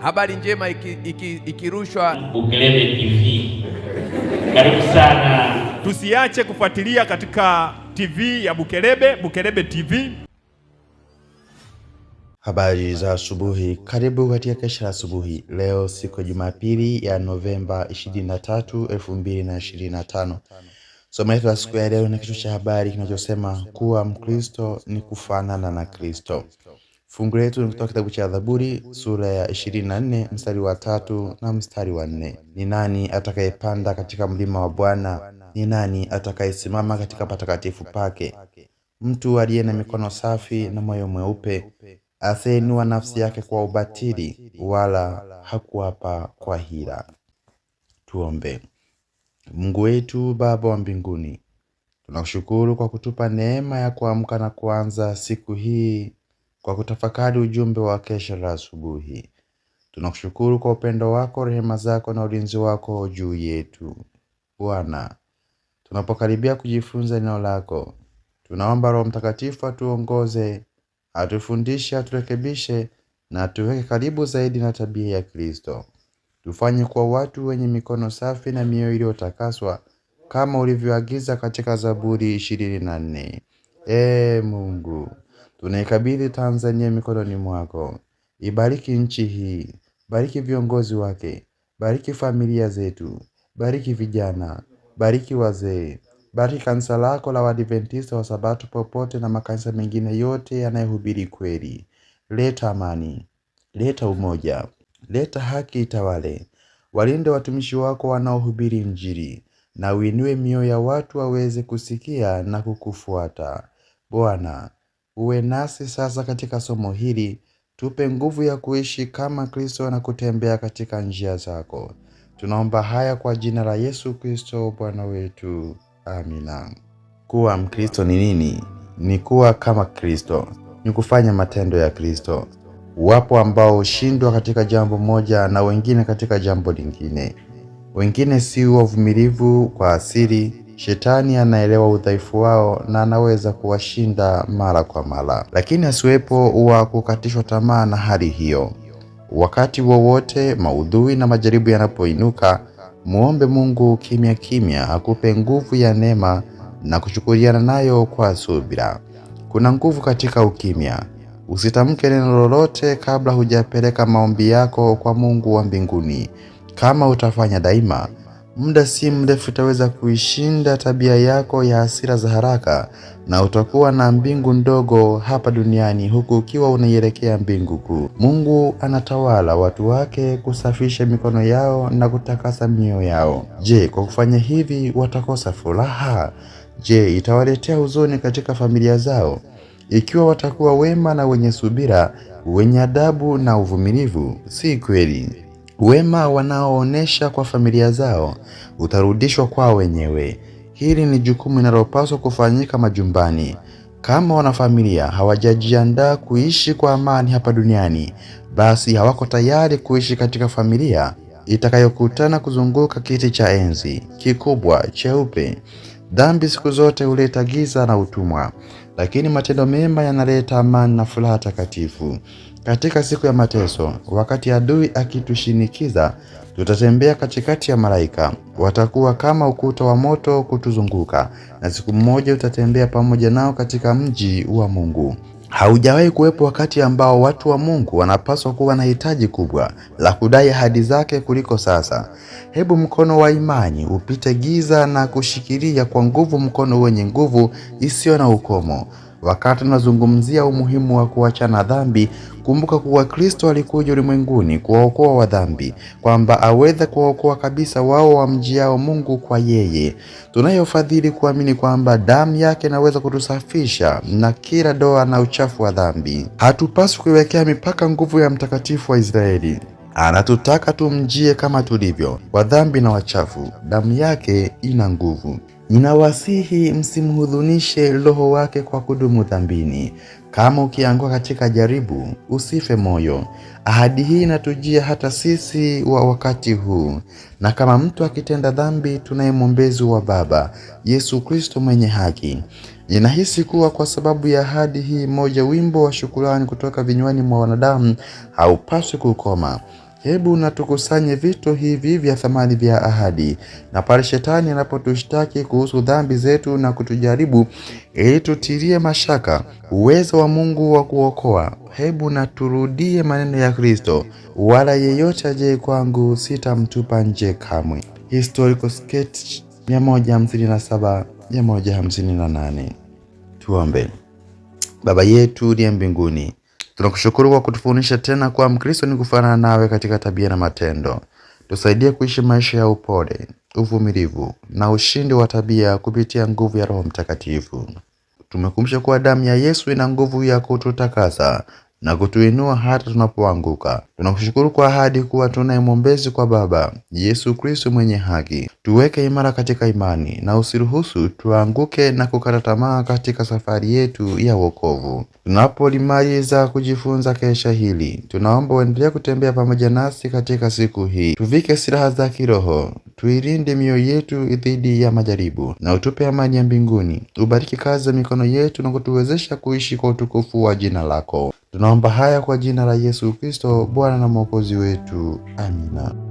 Habari njema ikirushwa iki, iki Bukelebe TV. Karibu sana, tusiache kufuatilia katika TV ya Bukelebe, Bukelebe TV. Habari za asubuhi, karibu katika kesha la asubuhi. Leo siku ya Jumapili ya Novemba 23, 2025. Somo letu la siku ya leo ni kichwa cha habari kinachosema kuwa Mkristo ni kufanana na Kristo. Fungu letu ni kutoka kitabu cha Zaburi sura ya ishirini mstari wa tatu na mstari wa nne. Ni nani atakayepanda katika mlima wa Bwana? Ni nani atakayesimama katika patakatifu pake? Mtu aliye na mikono safi na moyo mweupe, asiyeinua nafsi yake kwa ubatili, wala hakuapa kwa hila. Tuombe. Mungu wetu, Baba wa mbinguni, tunakushukuru kwa kutupa neema ya kuamka na kuanza siku hii kwa kutafakari ujumbe wa kesha la asubuhi. Tunakushukuru kwa upendo wako, rehema zako na ulinzi wako juu yetu. Bwana, tunapokaribia kujifunza neno lako, tunaomba Roho Mtakatifu atuongoze, atufundishe, aturekebishe na atuweke karibu zaidi na tabia ya Kristo. Tufanye kuwa watu wenye mikono safi na mioyo iliyotakaswa kama ulivyoagiza katika Zaburi ishirini na nne. Ee Mungu, Tunaikabidhi Tanzania mikononi mwako. Ibariki nchi hii, bariki viongozi wake, bariki familia zetu, bariki vijana, bariki wazee, bariki kanisa lako la Waadventista wa Sabato popote na makanisa mengine yote yanayohubiri kweli. Leta amani, leta umoja, leta haki itawale. Walinde watumishi wako wanaohubiri Injili na uinue mioyo ya watu waweze kusikia na kukufuata Bwana. Uwe nasi sasa katika somo hili, tupe nguvu ya kuishi kama Kristo na kutembea katika njia zako. Tunaomba haya kwa jina la Yesu Kristo Bwana wetu, amina. Kuwa Mkristo ni nini? Ni kuwa kama Kristo, ni kufanya matendo ya Kristo. Wapo ambao hushindwa katika jambo moja na wengine katika jambo lingine. Wengine si wavumilivu kwa asili, Shetani anaelewa udhaifu wao na anaweza kuwashinda mara kwa mara, lakini asiwepo wa kukatishwa tamaa na hali hiyo. Wakati wowote maudhui na majaribu yanapoinuka, muombe Mungu kimya kimya akupe nguvu ya neema na kushukuriana nayo kwa subira. Kuna nguvu katika ukimya. Usitamke neno lolote kabla hujapeleka maombi yako kwa Mungu wa mbinguni. Kama utafanya daima, muda si mrefu itaweza kuishinda tabia yako ya hasira za haraka, na utakuwa na mbingu ndogo hapa duniani huku ukiwa unaielekea mbingu kuu. Mungu anatawala watu wake kusafisha mikono yao na kutakasa mioyo yao. Je, kwa kufanya hivi watakosa furaha? Je, itawaletea huzuni katika familia zao? Ikiwa watakuwa wema na wenye subira, wenye adabu na uvumilivu, si kweli? Wema wanaoonyesha kwa familia zao utarudishwa kwao wenyewe. Hili ni jukumu linalopaswa kufanyika majumbani. Kama wanafamilia hawajajiandaa kuishi kwa amani hapa duniani, basi hawako tayari kuishi katika familia itakayokutana kuzunguka kiti cha enzi kikubwa cheupe. Dhambi siku zote huleta giza na utumwa, lakini matendo mema yanaleta amani na furaha takatifu. Katika siku ya mateso, wakati adui akitushinikiza, tutatembea katikati ya malaika. Watakuwa kama ukuta wa moto kutuzunguka, na siku mmoja utatembea pamoja nao katika mji wa Mungu. Haujawahi kuwepo wakati ambao watu wa Mungu wanapaswa kuwa na hitaji kubwa la kudai ahadi zake kuliko sasa. Hebu mkono wa imani upite giza na kushikilia kwa nguvu mkono wenye nguvu isiyo na ukomo. Wakati tunazungumzia umuhimu wa kuachana dhambi, kumbuka kuwa Kristo alikuja ulimwenguni kuwaokoa wa dhambi, kwamba aweze kuwaokoa kabisa wao wamjiao Mungu kwa yeye. tunayofadhili kuamini kwamba damu yake inaweza kutusafisha na kila doa na uchafu wa dhambi. Hatupaswi kuiwekea mipaka nguvu ya Mtakatifu wa Israeli. Anatutaka tumjie kama tulivyo, wa dhambi na wachafu. Damu yake ina nguvu. Ninawasihi msimhudhunishe Roho wake kwa kudumu dhambini. Kama ukianguka katika jaribu, usife moyo. Ahadi hii inatujia hata sisi wa wakati huu. Na kama mtu akitenda dhambi, tunaye mwombezi wa Baba, Yesu Kristo mwenye haki. Ninahisi kuwa kwa sababu ya ahadi hii moja, wimbo wa shukrani kutoka vinywani mwa wanadamu haupaswi kukoma. Hebu na tukusanye vitu hivi vya thamani vya ahadi, na pale shetani anapotushtaki kuhusu dhambi zetu na kutujaribu ili tutilie mashaka uwezo wa Mungu wa kuokoa, hebu na turudie maneno ya Kristo, wala yeyote ajaye kwangu sitamtupa nje kamwe. Historical sketch 157 158. Tuombe. Baba yetu uliye mbinguni Tunakushukuru kwa kutufundisha tena kuwa Mkristo ni kufanana nawe katika tabia na matendo. Tusaidie kuishi maisha ya upole, uvumilivu na ushindi wa tabia kupitia nguvu ya Roho Mtakatifu. Tumekumbusha kuwa damu ya Yesu ina nguvu ya kututakasa na kutuinua hata tunapoanguka. Tunakushukuru kwa ahadi kuwa tunaye mwombezi kwa Baba, Yesu Kristo mwenye haki. Tuweke imara katika imani na usiruhusu tuanguke na kukata tamaa katika safari yetu ya wokovu. Tunapolimaliza kujifunza kesha hili, tunaomba uendelee kutembea pamoja nasi katika siku hii. Tuvike silaha za kiroho, tuilinde mioyo yetu dhidi ya majaribu na utupe amani ya mbinguni. Ubariki kazi za mikono yetu na kutuwezesha kuishi kwa utukufu wa jina lako. Tunaomba haya kwa jina la Yesu Kristo, Bwana na Mwokozi wetu. Amina.